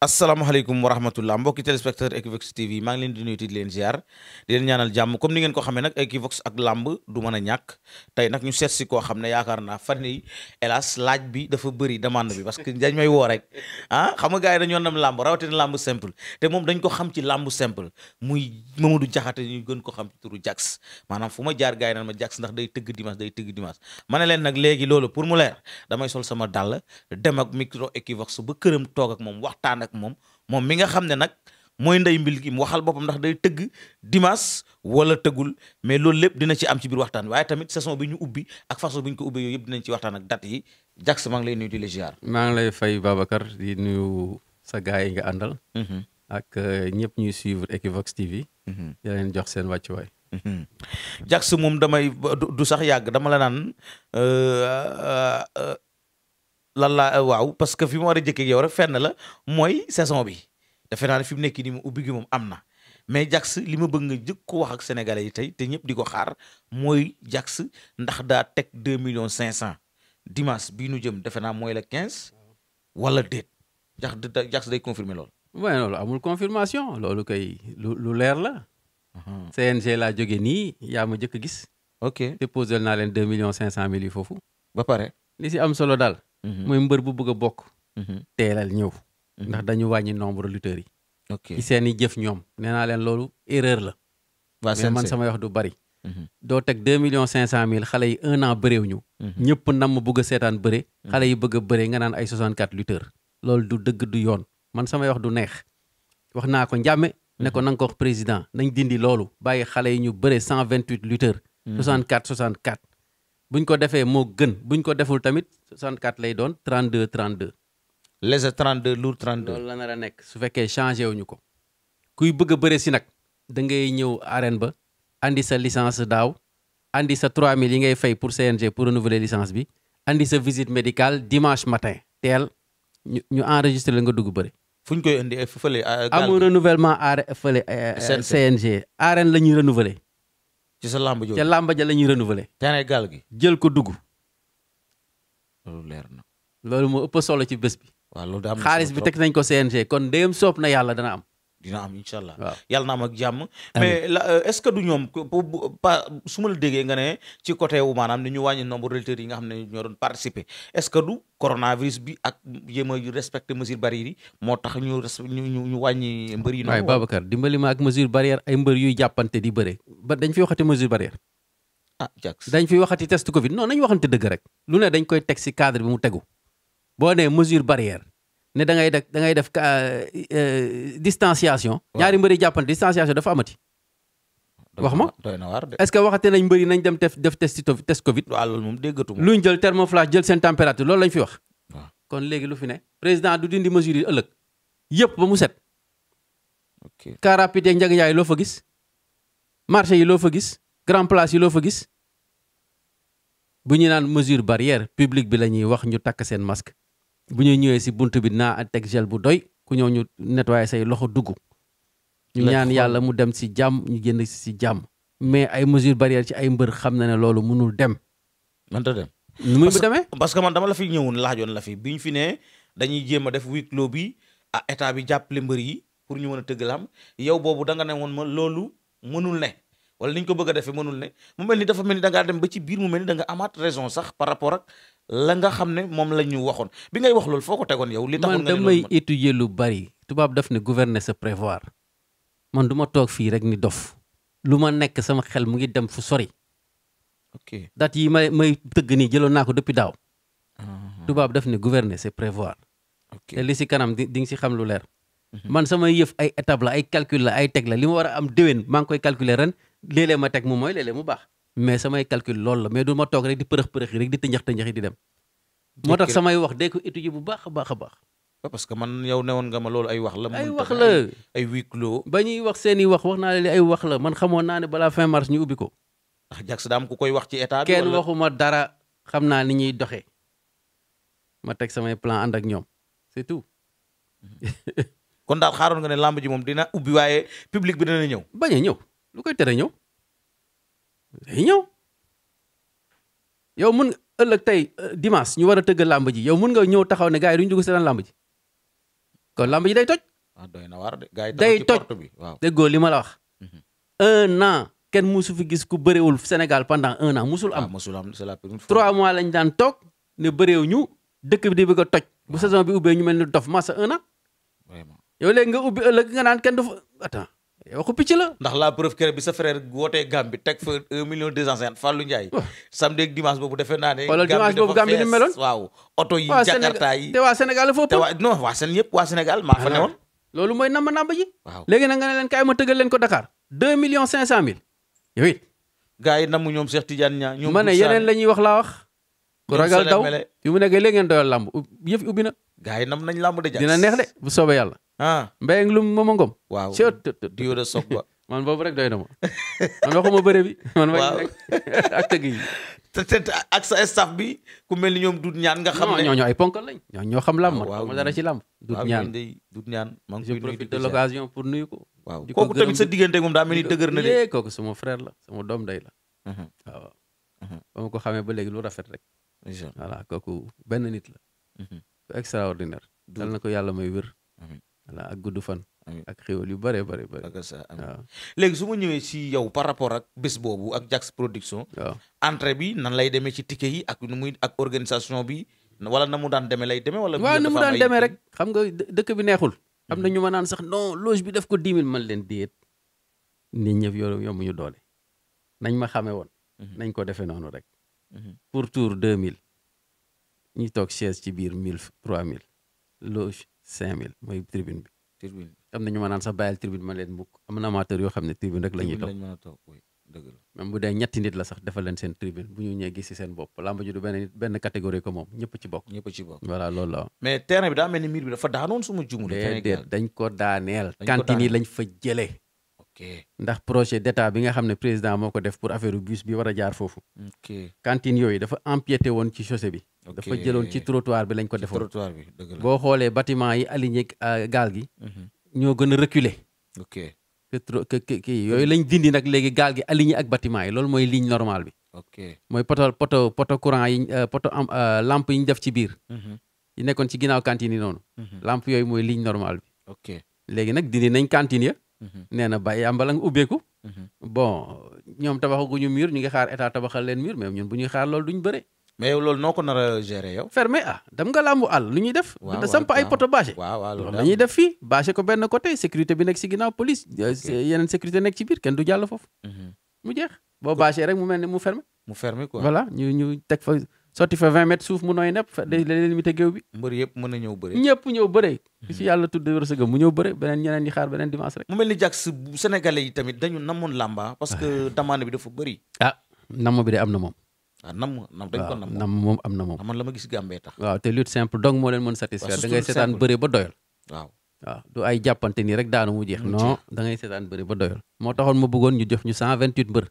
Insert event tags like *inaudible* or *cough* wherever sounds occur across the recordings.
asalaamaaleykum wa rahmatullah mbokki téléspectateur Equivox TV maa ngi leen di nuyu di leen ziar di leen ñaanal jàmm comme ni ngeen ko xamee nag Equivox ak làmb du mën a ñàkk tey nag ñu seet si koo xam ne yaakaar naa fan yi hélas laaj bi dafa bëri demande bi parce que dañ may woo rek ah, xam nga gars yi dañoo nam làmb rawatina làmb simple te moom dañ ko xam ci làmb simple muy Mamadou Diakhaté ñu gën ko xam ci turu Jax maanaam fu ma jaar gaay yi naan ma Jax ndax day tëgg dimanche day tëgg dimanche ma ne leen nag léegi loolu pour mu leer sol sama dàll dem ak micro Equivox ba këram moom waxtaan ak moom moom mi nga xam ne nag mooy ndey mbil gi mu waxal boppam ndax day tëgg dimanche wala tëggul mais loolu lépp dina ci am ci biir waxtaan waaye tamit saison bi ñu ubbi ak façon bi ñu ko ubbee yooyu yëpp dinañ ci waxtaan ak date yi Jax maa lay la ziar. maa ngi lay fay Babacar di nuyu sa gars yi nga àndal. Mm-hmm. ak euh, ñëpp ñuy suivre Equivox TV. Mm-hmm. di leen jox seen wàccuwaay. Mm-hmm. Jax moom damay du sax yàgg dama la naan euh, euh, lan laa euh, waaw parce que fi mu war a jëkkee yow rek fenn la mooy saison bi defe naa ne fi mu nekk nii mu ubbi moom am na mais Jax li ma bëgg nga jëkk ko wax ak sénégalais yi tey te ñëpp di ko xaar mooy Jax ndax daa teg deux millions cinq cent dimanche bii nu jëm defe naa mooy la quinze wala déet Jax Jax day confirmer loolu. waaye loolu amul confirmation loolu kay lu lu leer la. Uh-huh. CNG laa jóge nii yaa ma jëkk gis. ok déposé naa leen deux millions cinq cent mille foofu. ba pare li si am solo daal. Mhm. mooy mbër bu bëgg a bokk. Mhm. teelal ñëw. Mhm. ndax dañu wàññi nombre lutteurs yi. ok ci seen i jëf ñoom nee naa leen loolu erreur la. mais man sama wax du bari. doo teg deux millions cinq cent mille xale yi un an bëréew ñu ñëpp namm a seetaan bëre xale yi bëgg a bëre nga naan ay 64 lutteurs loolu du dëgg du yoon man samay wax du neex wax naa ko njàmme ne ko nanga ko wax président nañ dindi loolu bàyyi xale yi ñu bëre 128 lutteurs 64 64 buñ ko defee moo gën buñ ko deful tamit 64 lay doon 32 32. léger 32 lourd 32. loolu la nar a nekk su fekkee changé ñu ko. kuy bëgg a bëre si nag da ngay ñëw arène ba indi sa licence daaw indi sa 3000 yi ngay fay pour CNG pour renouveler licence bi indi sa visite médical dimanche matin teel ñu ñu enregistré la nga dugg bëri. fu ñu koy indi fële. Euh, amul renouvellement aare fële. Euh, CNG arène la ñuy renouveler. ci sa làmb jooju ca làmb ja la ñuy renouveler. terrain gaal gi jël ko dugg. loolu leer na. loolu moo ëpp solo ci bés bi. waaw loolu xaalis bi teg nañ ko CNG kon ndéem soob na yàlla dana am. dina am incha allah. waaw yàlla na am ak jàmm. mais la euh, est ce que du ñoom pa su la déggee nga ne ci côté wu maanaam ni ñu wàññi nombre d'électeurs yi nga xam ne ñoo doon participer est ce que du coronavirus bi ak yéem a respecté mesure barrière yi moo tax ñu ñu ñu ñu wàññi mbër yi. waaw Babacar dimbali ma ak mesure barrière ay mbër yuy jàppante di bëre. ba dañ fi waxati mesure barrière. ah jàkk dañ fi waxati test Covid non nañ waxante dëgg rek. lu ne dañ koy teg si cadre bi mu tegu. boo nee mesure barrière. ne da ngay def da ngay def euh, euh, distanciation. ñaari mbëri jàppante distanciation dafa amati. wax ma na waar de est-ce que waxate nañ mbëri nañ dem def def test test Covid. waaw loolu moom déggatuma luñ jël thermoflash jël seen température loolu lañ fi wax. kon léegi lu fi ne président du dindi mesure yi ëllëg yëpp ba mu set. ok car rapide yeeg loo fa gis. marché yi loo fa gis grand place yi loo fa gis bu ñu naan mesure barrière public bi la ñuy wax ñu takk seen masque. bu ñuy ñëwee si bunt bi naa teg gel bu doy ku ñëw ñu nettoyé say loxo dugg. ñu ñaan yàlla mu dem si jàmm ñu génn si jàmm. mais ay mesures barrières ci ay mbër xam na ne loolu mënul dem. mënta dem. nu muy demee parce que man dama la fi ñëwoon laajoon la fi bi ñu fi ne dañuy jéem a def huis clos bi ah état bi jàppale mbër yi pour ñu mën a tëgg lam yow boobu danga ne woon ma loolu mënul ne. wala ni ñu ko bëgg a defee mënul ne mu mel ni dafa mel ni da dem ba ci biir mu mel ni da nga amaat raison sax par rapport ak la nga xam ne moom la ñu waxoon bi ngay wax loolu foo ko tegoon yow. li taxoon nga man damay étudier lu bari tubaab daf ne gouverner c'est prévoir man du ma toog fii rek ni dof lu ma nekk sama xel mu ngi dem fu sori. ok dat yi may may tëgg nii jëloon naa ko depuis daaw. Ah. tubaab daf ne gouverner c'est prévoir. te li si kanam di di nga si xam lu leer. Mhm. man sama yëf ay étape la ay calcule la ay teg la li ma war a am déwén maa ngi koy calculer ren léelée ma teg mu mooy léeg-léeg mu baax mais samay calcul lool la mais du ma toog rek di përëx përëx rek di tënjax tënjax di dem. moo tax samay wax dee ko étudier bu baax a baax a baax. parce que man yow newoon nga ma loolu ay wax la. ay wax ay huis clos ba ñuy wax seen i wax wax naa leen ay wax la man xamoon naa ne balaa fin mars ñu ubbi ko. ndax Jax daam ku koy wax ci état bi kenn waxuma dara xam naa ni ñuy doxee ma teg samay plan ànd ak ñoom c'est tout. Mm-hmm. *laughs* daal xaaroon nga ne làmb ji moom dina ubbi waaye public bi dina ñëw. bañ ñëw. lu koy tere ñëw ñëw yow mun ëllëg tey euh, dimanche ñu war a tëgg làmb ji yow mun nga ñëw taxaw ne gars yi du ñu dugg seetaan làmb ji kon làmb ji day toj. ah doy na waar de gars yi day toj déggoo li ma la wax. Mhm. un an kenn musu fi gis ku bëreewul Sénégal pendant un an musul am. Ah, musul am la première fois trois mois lañ daan toog ne bëreew ñu dëkk bi di bëgg a toj. bu saison bi ubbee ñu mel ni dof massa un an. vraiment yow léegi nga ubbi ëllëg nga naan kenn du fa Eh, waxu picc la ndax la preuve que bi sa frère wootee Gambie teg fa un million deux cent cinquante Fallou Ndiaye oh. samedi dimanche boobu defee naa ne wala dimanche boobu Gambie ni meloon waaw oto yi jakarta yi te waa Sénégal dafa ëpp te waa non waa waa Sénégal maa fa newoon loolu mooy namba namba ji léegi nag nga leen kaay ma tëggal leen ko Dakar deux millions cinq cent mille yow it gars yi namu ñoom Cheikh Tidiane Niang ñoom ma ne yeneen la ñuy wax laa wax ragal daw fi mu nekkee léegi ngeen doyal làmb yëf ubbi gars yi nam nañ làmb de jax dina neex de bu soobee yàlla. ah mbéy ak lum moom waaw diw de soog ba. *laughs* man boobu rek doy na ma man waxuma bëre bi. *laughs* man ma rek *laughs* ak tëgg yi. te ak sa staff bi ku mel ni ñoom dut ñaan nga xam ne ñooñu ay ponkal lañ. ñoo xam làmb man ma dara ci lam dut ñaan dut ñaan maa ngi koy nuyu je profite de l'occasion pour nuyu ko. waaw kooku tamit sa diggante moom daa mel ni dëgër na de. kooku sama frère la sama doom day la. Mhm. waaw. Mhm. ba ma ko xamee ba léegi lu rafet rek. voilà kooku benn nit la. Mhm. extraordinaire. dal na ko yàlla may wér. voilà ak gudd fan. ak xéwal yu bëree bëri bëri. léegi su ma ñëwee si yow par rapport ak bés boobu ak Jax production. waaw bi nan lay demee ci ticket yi ak nu muy ak organisation bi wala na mu daan demee lay demee. wala waaw na mu daan demee rek xam nga dëkk bi neexul. am na hmm. ñu ma naan sax non loge bi def ko dix mille man leen déet nit ñëpp yow yomb ñu doole nañ ma xamee woon. Hmm. nañ ko defee noonu rek. Hmm. pour tour deux mille. ñu toog chaise ci biir mille trois mille loge cinq mille mooy tribune bi. tribune bi am ma naan sax bàyyil tribune ma leen mukk am na amateur yoo xam ne tribune rek la ñuy toog tribune toog dëgg la même bu dee ñetti nit la sax defal leen seen tribune bu ñu ñëwee gis si seen bopp làmb ji du benn benn catégorie ko moom ñëpp ci bokk. ñëpp ci bokk voilà loolu la. mais terrain bi daa mel ni miir bi dafa daanoon su ma jumul. déedéet dañ ko daaneel. cantine yi lañ jëlee. ok projet d'état bi nga xam ne président moo ko def pour affaire bus bi war a jaar foofu. ok yooyu dafa empiété woon ci chaussée bi. dafa jëloon ci trottoir bi lañ ko defoon la boo xoolee bâtiment yi aligné euh, gaal gi. Mhm. ñoo gën a reculer. ok que kii yooyu lañ dindi nag léegi gaal gi aligné ak bâtiment yi loolu mooy ligne normale bi. ok mooy poto poto poto courant yi euh, poto am euh, lampe yi ñu def ci biir. Mhm. yi nekkoon ci ginnaaw cantine yi noonu. Mhm. lampe yooyu mooy ligne normale bi. léegi nag dindi nañ cantine ya. nee na bàyyi yàmbala nga ubbeeku. bon ñoom tabaxaguñu mur ñu ngi xaar état tabaxal leen mur mais ñun bu ñuy xaar loolu duñ bëre. mais yow noo ko nar a gérer ferme fermé ah dem nga làmbu àll lu ñuy def. waaw da samp ay poto bâché. waaw waaw loolu ñuy def fii bâché ko benn côté sécurité bi nekk si ginnaaw police. Euh, yeneen sécurité nekk ci biir kenn du jàll foofu. Mhm. mu jeex boo bâché rek mu mel ni mu fermé. mu ferme ko voilà ñu ñu teg fa. sotti fa 20 mètres suuf mu nooy nepp day day limité géew bi. mbër yëpp mën na ñëw bëre. ñëpp ñëw bëre. ku ci mhm. yàlla tudd wërsëgam mu ñëw bëre beneen ñeneen ñi xaar beneen dimanche rek. mu mel ni jàkk yi tamit dañu namoon làmba parce ah. que demande bi dafa bëri. ah namm bi de am na moom. ah nam nam dañ moom am na moom ah, man la ma gis gàmbee tax waaw te lutte simple donc moo leen mën satisfaire da ngay seetaan bëre ba doyal waaw du ay jàppante nii rek daanu mu jeex non dangay ngay seetaan bëre ba doyal moo taxoon ma bëggoon ñu jox ñu cent vingt huit mbër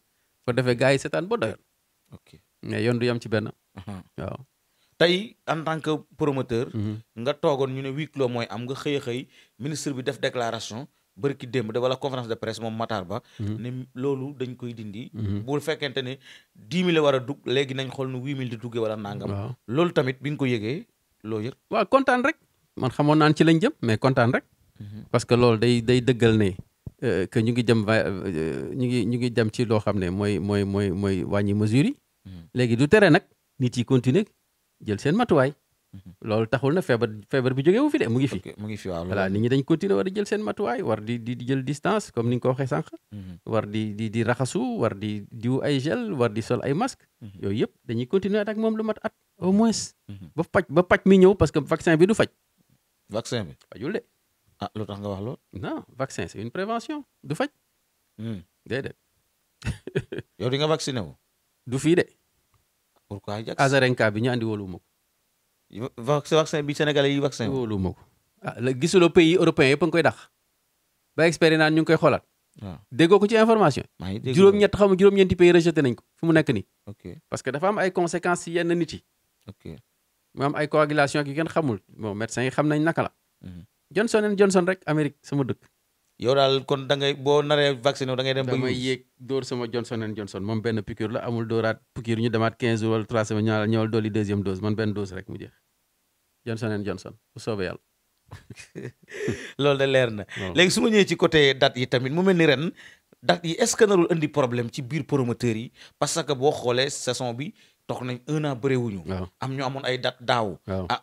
ko defee gars yi seetaan ba doyal mais yoon du yam ci benn uh-huh. waaw tey en tant que promoteur mm-hmm. nga toogoon ñu ne huis clos mooy am nga xëy xëy ministre bi def déclaration bërki démb de wala conférence de presse moom Matar Ba. Mhm. ni loolu dañ koy dindi. Mhm. bu fekkente ne dix mille war a dugg léegi nañ xool nu huit mille di duggee wala nangam. loolu tamit bi nga ko yëgee loolu yëg. waaw kontaan rek man xamoon naan ci lañ jëm mais kontaan rek. Mhm. parce que loolu day day dëggal ne. Euh, que ñu ngi jëm euh, ñu ngi ñu ngi jëm ci loo xam ne mooy mooy mooy mooy wàññi mesures léegi du tere nag nit yi continuer jël seen matuwaay. Mm-hmm. loolu taxul na feebar feebar bi jógee wu fi de mu ngi fi. mu ngi fi voilà nit ñi dañ continuer war di jël seen matuwaay war di di jël distance comme ni nga ko waxee sànq. Mm-hmm. war di di di raxasu war di diw ay gel war di sol ay masque mm-hmm. yooyu yëpp dañuy continuer at ak moom lu mat at au moins. ba paj ba paj mi ñëw parce que vaccin bi du faj. vaccin bi fajul de. ah lu tax nga wax loolu. non vaccin c'est une prévention du faj. Mm. déedéet. yow di nga vacciné wu. *laughs* du fii de. pourquoi Azarenka bi ñu andi wóolu ma ko vaccin bi Sénégalais yi vaccin wóolu ma ko ah la gisuloo pays européen yëpp a koy dàq ba expert naan ñu koy xoolaat. waaw déggoo ko ci information. juróom-ñett xam nga juróom-ñeenti pays rejeté nañ ko fu mu nekk que dafa am ay conséquences si nit yi. ok mu am ay coagulation ak yu kenn xamul bon médecin yi xam nañ naka la. Mhm. Johnson and Johnson rek Amérique sama dëkk. yow daal kon da boo naree vacciné da dem. ba yéeg dóor sama Johnson and Johnson moom benn piqûre la amul dóoraat piqûre ñu demaat 15 jours wala 3 semaines ñaar ñëwal dolli deuxième dose man benn dose rek mu jeex. Johnson and Johnson bu soobee yàlla. *laughs* loolu de leer na. léegi su ma ñëwee ci côté date yi tamit mu mel ni ren date yi est-ce que narul indi problème ci biir promoteurs yi parce que boo xoolee saison bi toog na un an bëreewuñu. ñu amoon ay date daaw.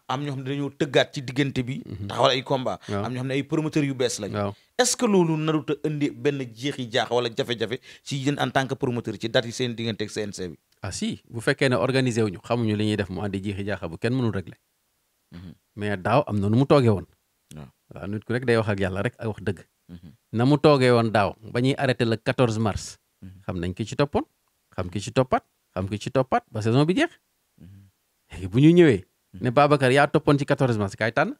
am ñoo xam ne ci diggante bi. Mhm. taxawal ay combat am ñoo xam ne ay promoteurs yu bees lañ. est loolu narut a indi benn jeexi jaax wala jafe-jafe ci yéen en tant que promoteur ci date yi seen diggante ak CNC bi. ah si bu fekkee ne organiser xamuñu li ñuy def mu andi jeexi jaaxa bu kenn mënul régler Mm-hmm. mais daaw am na nu mu toogee woon. waaw nit ku rek day wax ak yàlla rek ay wax dëgg. Mm-hmm. na mu toogee woon daaw ba ñuy arrêté le 14 mars. Mm-hmm. xam nañ ki ci toppoon xam ki ci toppaat xam ki ci toppaat ba saison bi jeex. bu ñu ñëwee. ne Babacar yaa toppoon ci 14 mars kaay tànn.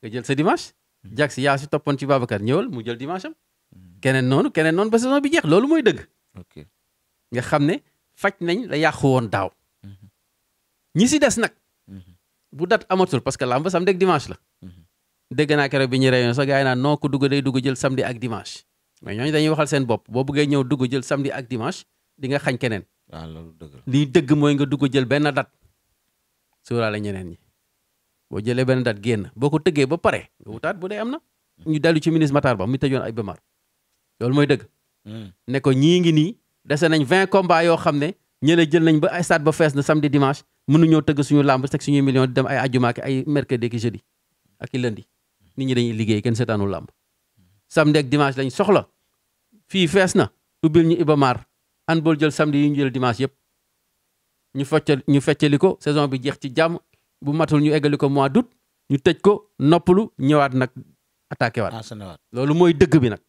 nga jël sa dimanche. jag si yaa si toppoon ci Babacar ñëwal mu jël dimanche am. keneen noonu keneen noonu ba saison bi jeex loolu mooy dëgg. nga xam ne faj nañ la yàqu woon daaw. ñi si des nag. bu dat amatul parce que làmb samedi ak dimanche la. Mhm. dégg naa keroog bi ñuy réunion sax gars yi naan noo ko dugg day dugg jël samedi ak dimanche mais ñooñu dañuy waxal seen bopp boo bëggee ñëw dugg jël samedi ak dimanche di nga xañ keneen. waaw ah, loolu dëgg mooy nga dugg jël benn dat suuraale ñeneen ñi boo jëlee benn dat génn boo ko tëggee ba pare nga wutaat bu dee am na. Mhm. ñu dalu ci ministre Matar Ba mu tëjoon ay bamar loolu mooy dëgg. Mhm. ne ko ñii ngi nii dese nañ vingt combats yoo xam ne ñeneen jël nañ ba stade ba fees na samedi dimanche mënuñoo tëgg suñu làmb teg suñu million di dem ay ajjuma ak ay mercredi ak jeudi ak i lundi nit ñi dañuy liggéey kenn seetaanul làmb samedi ak dimanche lañ soxla fii fees na ubbil ñu Ibamar an bool jël samedi yi ñu jël dimanche yëpp ñu feccal ñu feccali ko saison bi jeex ci jàmm bu matul ñu eggali ko mois d'août ñu tëj ko noppalu ñëwaat nag attaqué waat loolu mooy dëgg bi nag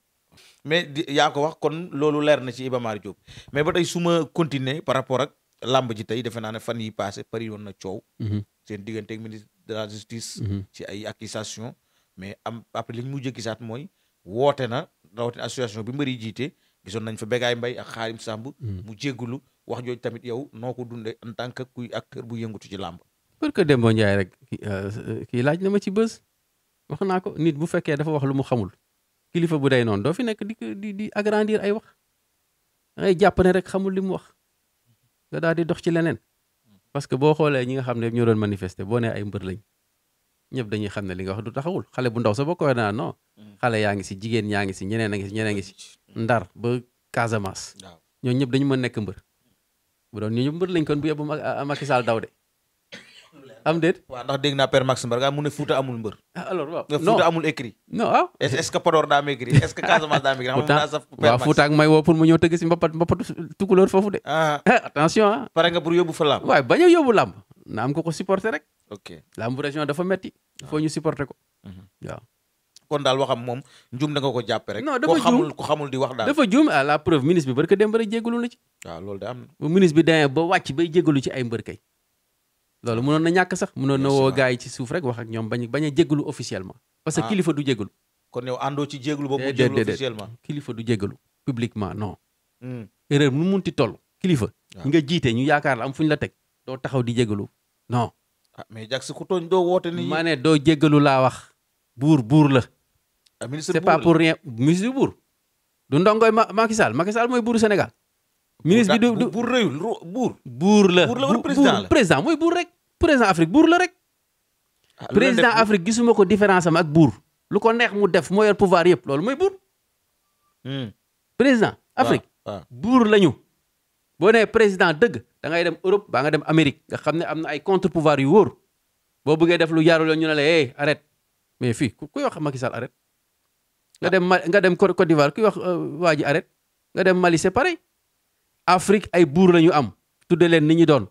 mais yaa ko wax kon loolu leer na ci Iba Mar Diop mais ba tey suma ma continuer par rapport ak làmb ji tey defe naa ne fan yi passé pari woon na coow. Mhm. seen diggante ak de la justice. Mhm. ci ay accusations mais am après li ñu mujj gisaat mooy woote na rawatina association bi mbëri jiite gisoon nañ fa Begaay Mbay ak Xaarim Samb. Mhm. mu jéggulu wax jooj tamit yow noo ko dundee en tant que kuy ak acteur bu yëngatu ci làmb. parce que Demba Ndiaye rek euh, kii laaj na ma ci bës wax naa ko nit bu fekkee dafa wax lu mu xamul. kilifa bu day noonu doo fi nekk di di di agrandir ay wax dangay jàpp rek xamul li mu wax nga daal di dox ci leneen parce que boo xoolee ñi nga xam ne ñoo doon manifester boo nee ay mbër lañ ñëpp dañuy xam ne li nga wax du taxawul xale bu ndaw sa boo koy naa non mm. xale yaa ngi si jigéen ñaa ngi si ñeneen a ngi si ñeneen a ngi si mm. ndar ba Casamance ñoo ñëpp dañu mën nekk mbër bu doon ñu ñëpp mbër lañ kon bu yebbu Macky Sall daw de am déet. waaw ndax dégg naa père Max Mbarga mu ne Fouta amul mbër. Ah, alors waaw non Fouta amul écrit. non waaw ah. est-ce que écrit est Casamance daa écrit. pour mu ñëw tëgg ah. *laughs* yóbbu fa làmb. a yóbbu làmb na am ko ko supporter rek. ok région dafa metti il faut ñu supporter ko mhm. waaw. kon daal waxam moom njuum da nga ko jàppe rek. non ko xamul di wax daal. dafa juum à la preuve ministre bi barka dem ba rek jégalu na ci. waaw loolu da am na. ministre bi demee ba wàcc bay jégalu ci ay mbër kay loolu mënoon na ñàkk sax mënoon na woo gars yi ci suuf rek wax ak ñoom bañ bañ a jégalu officiellement. parce que ah. kilifa du jégalu. kon yow àndoo ci jégalu ba mu jégalu officiellement du jégalu publiquement non. Hmm. erreur nu munti toll kilifa. Ah. nga jiite ñu yaakaar la am fu ñu la teg doo taxaw di jégalu non. ah mais Jax ku tooñ doo woote ni. maa ne doo jéggalu laa wax. buur buur la. Ah, ministre buur c'est pas pour rien ministre buur. du ndongoy Macky Sall mooy buuru Sénégal. ministre bi du buur rëyul buur. buur la buur président mooy buur rek. président Afrique buur la rek. Ah, président Afrique gisuma ko différence am ak buur. lu ko neex mu def moo yor pouvoir yëpp loolu mooy buur. Hmm. président Afrique. buur lañu. boo nee président dëgg da ngay dem Europe baa nga dem Amérique nga xam ne am na ay contre pouvoir yu wóor boo bëggee def lu jaarul yoon ñu ne la hey arrête mais fii ku wax Macky Sall arrête. nga ah. dem Mali nga dem Côte d'Ivoire ku wax euh, waa ji arrête nga dem Mali c'est pareil. Afrique ay buur la ñu am tudde leen ni ñu doon.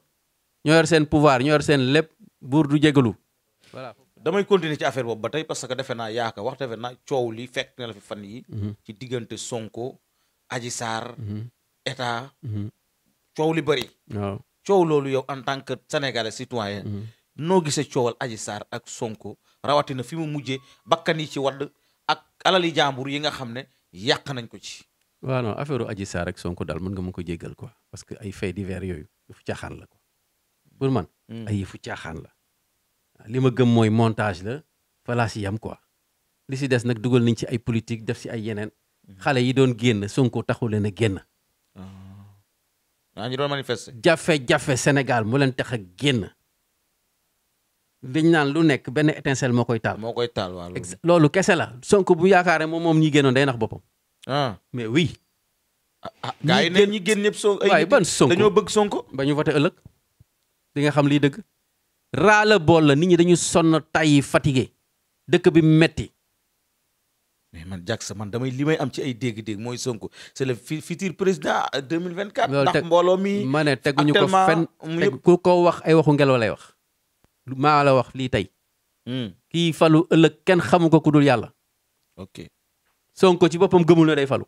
ñoo seen pouvoir ñoo seen lépp buur du jégalu voilà. damay continuer ci affaire boobu ba tey parce que defe naa yaaka wax defe naa coow li fekk na la fi fan yi mhm. ci diggante Sonko Adji Sarr mhm. état mhm. coow li bëri coow loolu yow en tant que sénégalais citoyen noo gisee coowal aji Sarr ak Sonko rawatina fi mu mujjee bakkan yi ci wadd ak alali jàmbur yi nga xam ne yàq nañ ko ci waaw non affaire Adji Sarr ak Sonko daal mën nga mu ko jéggal ko parce que ay faits divers yooyu dafa caaxaan la quoi pour man. Hmm. ay yëfu caaxaan la. li ma gëm mooy montage la falaa si yam quoi li si des nag dugal nañ ci ay politique def si ay yeneen. Hmm. xale yi doon génn Sonko taxu leen a génn. ñu ah. doon manifester. jafe-jafe Sénégal mu leen tax a génn. dañ naan lu nekk benn étincelle moo koy taal. moo koy taal waaw loolu kese la Sonko bu yaakaaree moom moom ñi génnoon day nax boppam. ah mais oui. ah, ah yi ñi génn ñëpp Sonko ay. waay ban Sonko ëllëg. di nga xam lii dëgg raala bool la nit ñi dañu sonn tay fatigué dëkk bi metti mais man sa man damay li may am ci ay dégg-dégg mooy Sonko c'est le futur président vingt 2024. ndax mbooloo mi ma ne teguñu ko fenn teg ku ko wax ay waxu ngelaw lay wax. maa la wax lii tey. Hmm. kii falu ëllëg kenn xamu ko ku dul yàlla. ok ci boppam gëmul na day falu.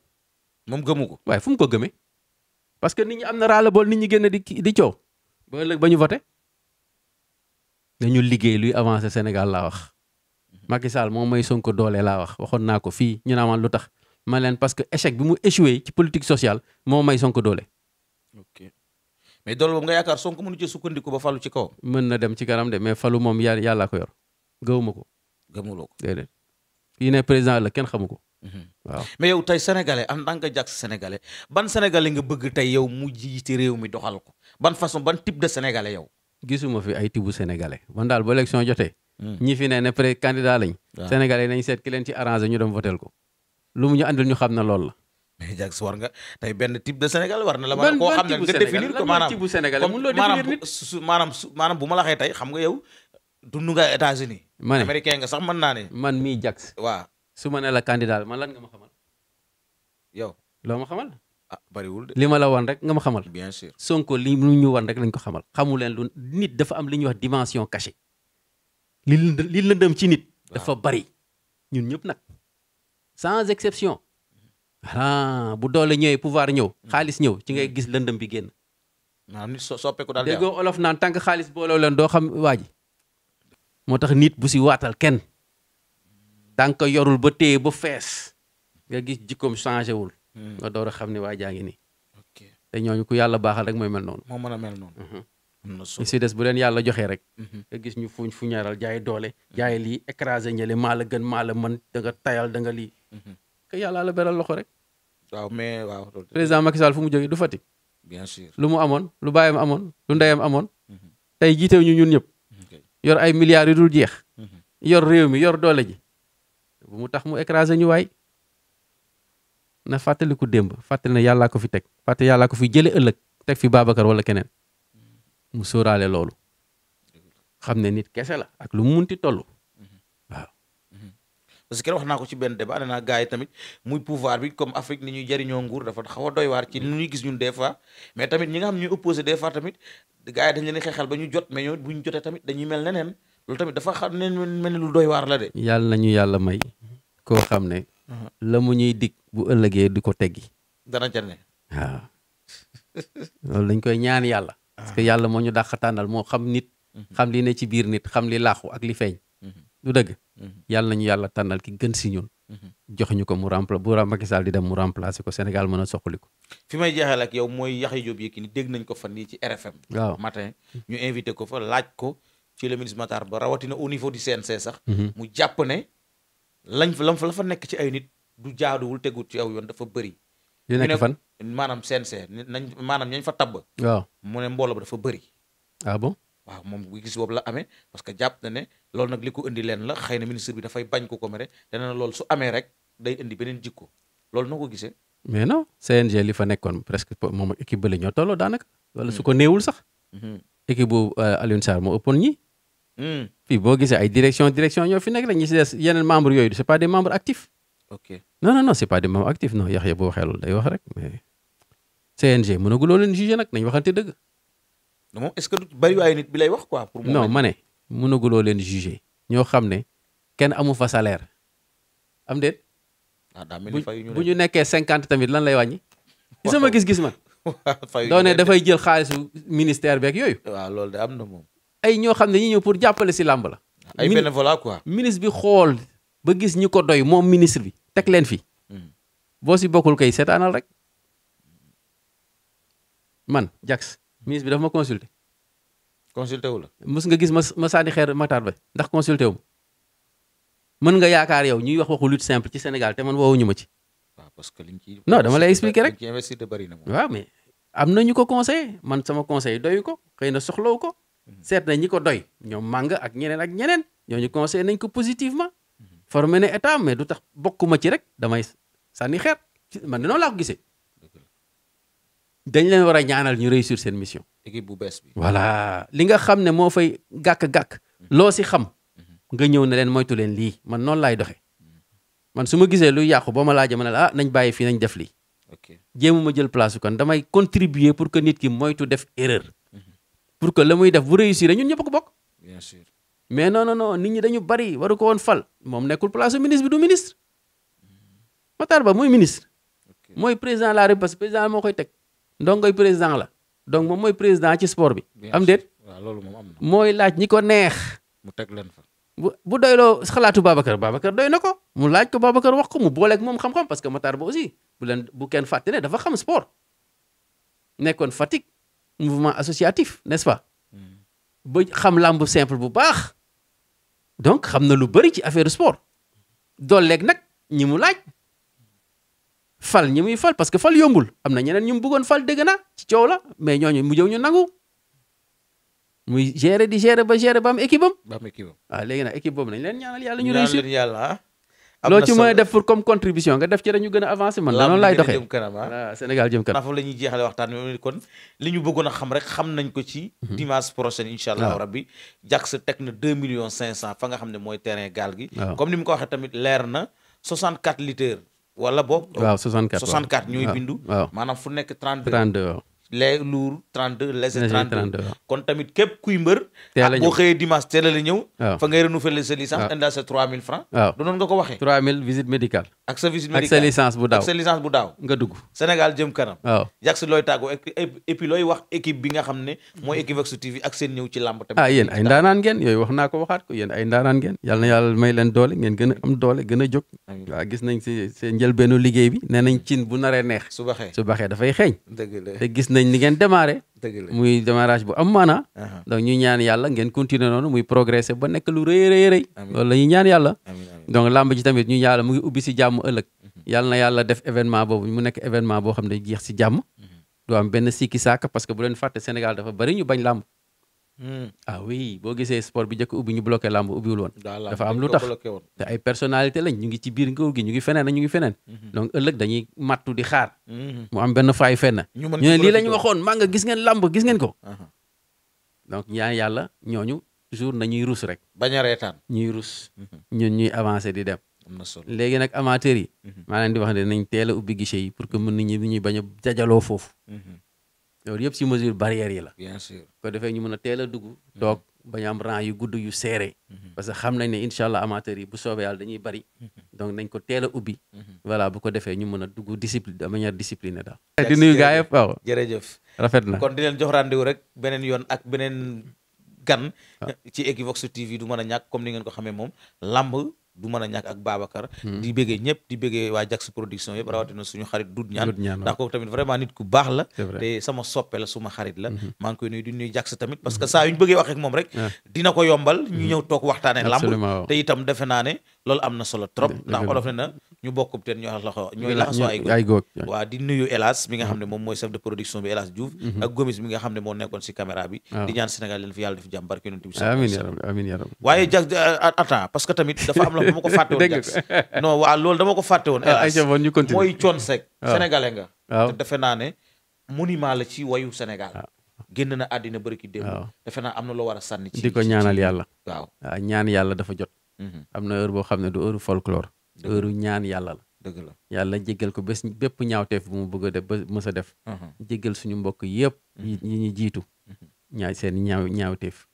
moom gëmu ko waaye fu mu ko gëme parce que nit ñi am na raala bool nit ñi génn di di coow. ba ëllëg ba ñu voté dañu liggéey luy avancer Sénégal laa wax mhm. Macky Sall moom mooy Sonko doole laa wax waxoon naa ko fii ñu naan lu tax ma leen parce que échec bi mu échoué ci politique sociale moo may Sonko doole. ok mais doole boobu nga yaakaar Sonko mënu ci sukkandiku ba falu ci kaw. mën na dem ci kanam de mais falu moom yàlla yàlla ko yor gëwuma ko. gëmuloo ko déedéet kii ne président la kenn xamu ko. Mhm. mais yow tey sénégalais en tant que jàkk sénégalais ban sénégalais nga bëgg tey yow mu jiite réew mi doxal ko ban façon ban type de sénégalais yow. gisuma fi ay type bu sénégalais man daal bu élection jotee. Hmm. ñi fi ne ne pré candidat lañ. waaw ah. sénégalais nañ seet ki leen ci arrangé ñu dem votel ko. lu mu ñu andil ñu xam ne loolu la. mais Jax war nga tey benn type de sénégalais war na la. ban koo xam ne nga définir ko maanaam type bu sénégalais mun bu ma la tey xam nga yow dund nga États-Unis ma ne nga sax mën naa ne. man mii Jax. waa su ma ne la candidat man lan nga ma xamal. yow loo ma xamal. ah bariwul li ma la wan rek nga ma xamal. bien sûr Sonko li mu ñu wan rek lañ ko xamal. xamu leen lu nit dafa am li ñuy wax dimension cachée li lëndëm ci nit. dafa bari ñun ñëpp nag sans exception. bu doole ñëwee pouvoir ñëw hmm. xaalis ñëw ci ngay hmm. gis lëndëm bi génn. waaw nit soppeeku daal déggoo olof naan tànk xaalis booloo leen doo xam waa ji. moo tax nit bu si waatal kenn. tànk yorul ba téye ba fees. nga gis jikkoom changé wul. Hmm. nga door a xam ne waa jaa ngi nii. ok te ñooñu ku yàlla baaxal rek mooy mel noonu. moo mën a mel mhm. si des bu leen yàlla joxee rek. Mhm. nga gis ñu fuñ fu ñaaral jaay doole. Mhm. jaay lii écrasé ñële maa la gën maa la mën da nga tayal da nga lii. que yàlla la beral loxo rek. waaw mais waaw. président Macky Sall fu mu jógee du Fatick. lu mu amoon lu baayam amoon lu ndeyam amoon. tey jiitew ñu ñun ñëpp. yor ay milliards yu dul jeex. yor réew mi yor doole ji. bu mu tax mu écrasé ñu waay. na fàttaliku démb fàttali na yàllaa ko fi teg fàttali yàllaa ko fi jële ëllëg teg fi Babacar wala keneen mu sooraale loolu xam ne nit kese la ak lu mu munti toll waaw. parce que wax naa ko ci benn de débat nee naa gars yi tamit muy pouvoir bi comme Afrique ni ñuy jariñoo nguur dafa xaw doy waar ci lu ñuy gis ñun des fois mais tamit ñi nga xam ñuy opposé des fois tamit gars da dañ leen xeexal ba ñu jot mais bu ñu jotee tamit dañuy mel neneen loolu tamit dafa xam ne mel ne lu doy waar la de. yàlla nañu yàlla may bu ëllëgee di ko teggi. dana ca ne waaw. loolu dañ koy ñaan yàlla. parce yàlla moo ñu dàq tànnal moo xam nit. Mhm. xam li ne ci biir nit xam li laaxu ak li feeñ. Mhm. du dëgg. Mhm. yàlla nañu yàlla tànnal ki gën si ñun. jox ñu ko mu remplacer bu Macky Sall dem mu remplacer ko Sénégal mën a soqaliku. fi may jeexal ak yow mooy Yaxya Jóob Yékini dégg nañ ko fan nii ci RFM. waaw matin ñu invité ko fa laaj ko ci le ministre Ba rawatina au niveau du CNC sax. mu jàpp ne lañ fa la fa nekk ci ay nit. du jaaduwul tegut ci aw yoon dafa bëri. yu nekk fan maanaam CNC nañ maanaam ñañ fa tabb. waaw mu ne mbooloo ba dafa bëri. ah bon waaw moom bu gis boobu la amee parce que jàpp na ne loolu nag li ko indi leen la xëy na ministre bi dafay bañ ko ko mere dana loolu su amee rek day indi beneen jikko loolu noo ko gisee. mais non CNG li fa nekkoon presque moom ak équipe bële ñoo tolloo daanaka. wala su ko hmm. néewul sax. Hmm. équipe bu euh, Alioune Sarr moo ñi. Hmm. fii boo gisee ay direction ok non non non c'est pas des membres actifs non Yaxya boo waxee loolu day wax rek mais CNG mënaguloo leen jugé nag nañ waxante dëgg. non moom est-ce que du bari waaye nit bi lay wax quoi. pour non ma ne mënaguloo leen jugé ñoo xam ne kenn amu fa saleer am déet. Ah, bu ñu nekkee cinquante tamit lan lay wàññi. ci sama gis-gis man. *laughs* doo ne dafay jël xaalisu ministère beeg yooyu. waaw loolu de am na moom. ay ñoo xam ne ñi ñëw pour jàppale si làmb la. ay bénévolat quoi. ministre bi xool. ba gis ñu ko doy moom ministre bi teg leen fi hmm. boo si bokkul kay seetaanal rek man Jax ministre bi dafa ma consulter. consulter wu la. mës nga gis ma ma sànni xeer Matar Ba ndax consulter wu man nga yaakaar yow ñuy wax waxu simple ci Sénégal te man woowuñu ma ci. waaw parce que liñ ci non dama lay expliquer rek liñ de bari na moom. waaw mais am na ñu ko conseillé man sama conseil doyu ko xëy na soxlawu ko. Hmm. seet nañ ñi ko doy ñoom màng ak ñeneen ak ñeneen ñooñu conseillé nañ ko positivement. formé ne état mais du tax bokkuma ci rek damay sànni xeer man de noonu laa ko gisee. dañ leen war a ñaanal ñu réussir seen mission. équipe bu bees bi. voilà li nga xam ne moo fay gàkk-gàkk. Mm-hmm. loo si xam. Mm-hmm. nga ñëw ne leen moytu leen lii man noonu laay doxee. man su ma gisee lu yàqu boo ma laa ma ne la ah nañ bàyyi fii nañ def lii. ok jéemuma jël place kon damay contribuer pour que nit ki moytu def erreur. Mm-hmm. pour que la muy def bu réussir ñun ñëpp ko bokk. mais non non non nit ñi dañu bari waru ko woon fal moom nekkul place ministre bi du ministre hmm. Matar Ba mooy ministre. mooy président la République parce que président moo koy teg ndongoy président la donc mooy président ci sport bi. am déet loolu moom mooy laaj ñi ko neex. mu teg leen fa. bu bu doyloo xalaatu Babacar Babacar doy na ko mu laaj ko Babacar wax ko mu booleeg moom xam-xam parce que Matar Ba aussi bu leen bu kenn fàtte ne dafa xam sport nekkoon Fatick mouvement associatif n'est-ce ba xam làmb simple bu baax donc xam na lu bëri ci affaire sport dooleeg nag ñi mu laaj fal ñi muy fal parce que fal yombul am na ñeneen ñu mu bëggoon fal dëgg na ci coow la mais ñooñu mu jëw ñu nangu muy gérer di gérer ba gérer ba am équipe a ba am équipe am waaw léegi leen ñaanal yàlla ñu réussir ñaanal yàlla ah. loo ci mën a def pour comme contribution nga def ci dañu gën a avancé man la noonu laay doxee jëm kanam ah. Sénégal jëm kanam foofu la ñuy jeexale waxtaan bi kon li bëggoon a xam rek xam nañ ko ci mhm. dimanche prochain insha allah rabbi Jax teg na deux millions cinq cent fa nga xam ne mooy terrain gaal gi comme ni mu ko waxee tamit leer na 64 litres wala boog waaw 64 64 ñooy bindu maanaam fu nekk 32 32 les lourds 32 léger 32 kon tamit képp kuy mbër. teel a ñëw boo xëyee dimanche teel a ñëw. fa nga ko waxee. 3000 sa licence bu daaw nga dugg Sénégal jëm kanam. waaw si looy tàggoo et puis wax équipe bi nga xam ne. mooy Equivox TV ak seen ñëw ci làmb tamit. ah yéen ay ndaanaan ngeen yooyu wax naa ko waxaat ko yéen ay ndaanaan ngeen. yàlla na yàlla may leen doole ngeen gën a am doole gën a jóg. waaw gis nañ si seen njëlbeenu liggéey bi nee nañ cin bu naree neex. su baxee su baxee dafay xeeñ. dëgg nañ li ngeen démarré. muy démarrage bu am maanaa. donc ñu ñaan yàlla ngeen continuer noonu muy progresser ba nekk lu rëy rëy rëy. loolu la ñuy ñaan yàlla. donc làmb ji tamit ñu yàlla mu ngi ubbi si jàmm ëllëg. Mhm. yàlla na yàlla def événement boobu mu nekk événement boo xam ne jeex si jàmm. Mhm. du am benn sikki saaka parce que bu leen fàtte Sénégal dafa bari ñu bañ làmb. Hmm. ah oui boo gisee sport bi njëkk ubbi ñu bloqué làmb ubbiwul woon. dafa am lu tax te ay personnalité lañ ñu ngi ci biir nguur gi ñu ngi feneen ñu ngi feneen. Hmm. donc ëllëg dañuy mattu di xaar. Hmm. mu am benn faay fenn. ñu ne lii la ñu waxoon maa nga gis ngeen làmb gis ngeen ko. donc ñaan yàlla ñooñu na ñuy rus rek. bañ a ñuy rus. ñun ñuy avancer di dem. na solo léegi nag amateurs yi. maa leen di wax ne nañ teel ubbi guichet yi pour que mën nit ñi ñuy bañ a jajaloo foofu. loolu yëpp ci mesure barrière yi la. bien sûr ko defee ñu mën a teel a dugg. toog bañ am rang yu gudd yu seere mhm. parce que xam nañ ne incha allah amateurs yi bu soobee yàlla dañuy bari. Mhm. donc nañ ko teel ubbi. Mhm. voilà bu ko defee ñu mën a dugg discipline de manière daal. Eh, di nuyu gaa yëpp waaw jërëjëf. rafet na kon di leen jox rendez-vous rek beneen yoon ak beneen gan. Ah. ci Equivox TV du mën a ñàkk comme ni ngeen ko xamee moom lamb. du mën a ñàkk ak Babacar hmm. di bëggee ñëpp di bëggee waa Jax production yëpp rawatina suñu xarit dut ñaan ndax kooku tamit vraiment nit ku baax la te sama soppe suma xarit la hmm. maa ngi koy nuyu di nuyu Jax tamit parce que hmm. saa yu ñu bëggee wax ak moom rek ah. dina ko yombal ñu ñëw toog waxtaane lamb te itam defe naa ne loolu am na solo trop ndax olof ne na ñu bokkub teen ñoo laxo ñooy laxasoo ay góor waaw di nuyu Elas mi nga mm-hmm. xam ne moom mooy chef de production bi Elas Diouf mm-hmm. a Gomis mi nga xam ne moo nekkoon si caméra bi di ñaan Sénégal leen fi yàlla def jàmm euh, parce que tamit dafa am la ma ko fàtte woon jag non waaw loolu dama ah, mooy coon sec ah. nga ah. te defe naa ne la ci wayu Sénégal génn na àddina bëri ki démb defe am na loo war a sànni ci di ko ñaanal yàlla ñaan yàlla dafa jot mm-hmm. am na heure xam ne du heure heure ñaan yàlla la. dëgg la yàlla jéggal ko bés bépp ñaawteef bu mu bëgg a def ba mës a def. Uh-huh. jéggal suñu mbokk yëpp. ñi uh-huh. ñu jiitu. Uh-huh. ñaay seen ñaaw ñaawteef.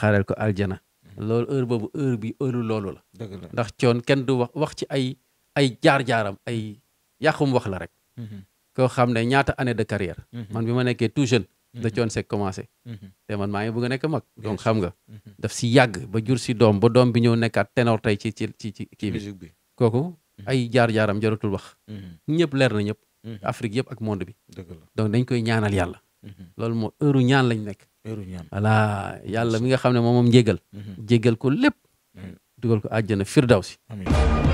xaaral ko aljana. loolu heure boobu heure bi heure loolu la. dëgg ndax coon kenn du wax wax ci ay ay jaar-jaaram ay yàqum wax la rek. koo xam ne ñaata année de carrière. man bi ma nekkee tout jeune. da mhm. coon sek commencé mhm. te man maa ngi bëgg a nekk mag donc xam nga mhm. daf si yàgg ba jur si doom ba doom bi ñëw nekkaat ténor tey ci ci ci ci kii bi kooku ay jaar-jaaram jaratul wax ñëpp leer na ñëpp Afrique yëpp ak monde bi donc dañ koy ñaanal yàlla loolu moo heure ñaan lañ nekk voilà yàlla mi nga xam ne moom moom njégal jéggal ko lépp dugal ko àjjana firdawsi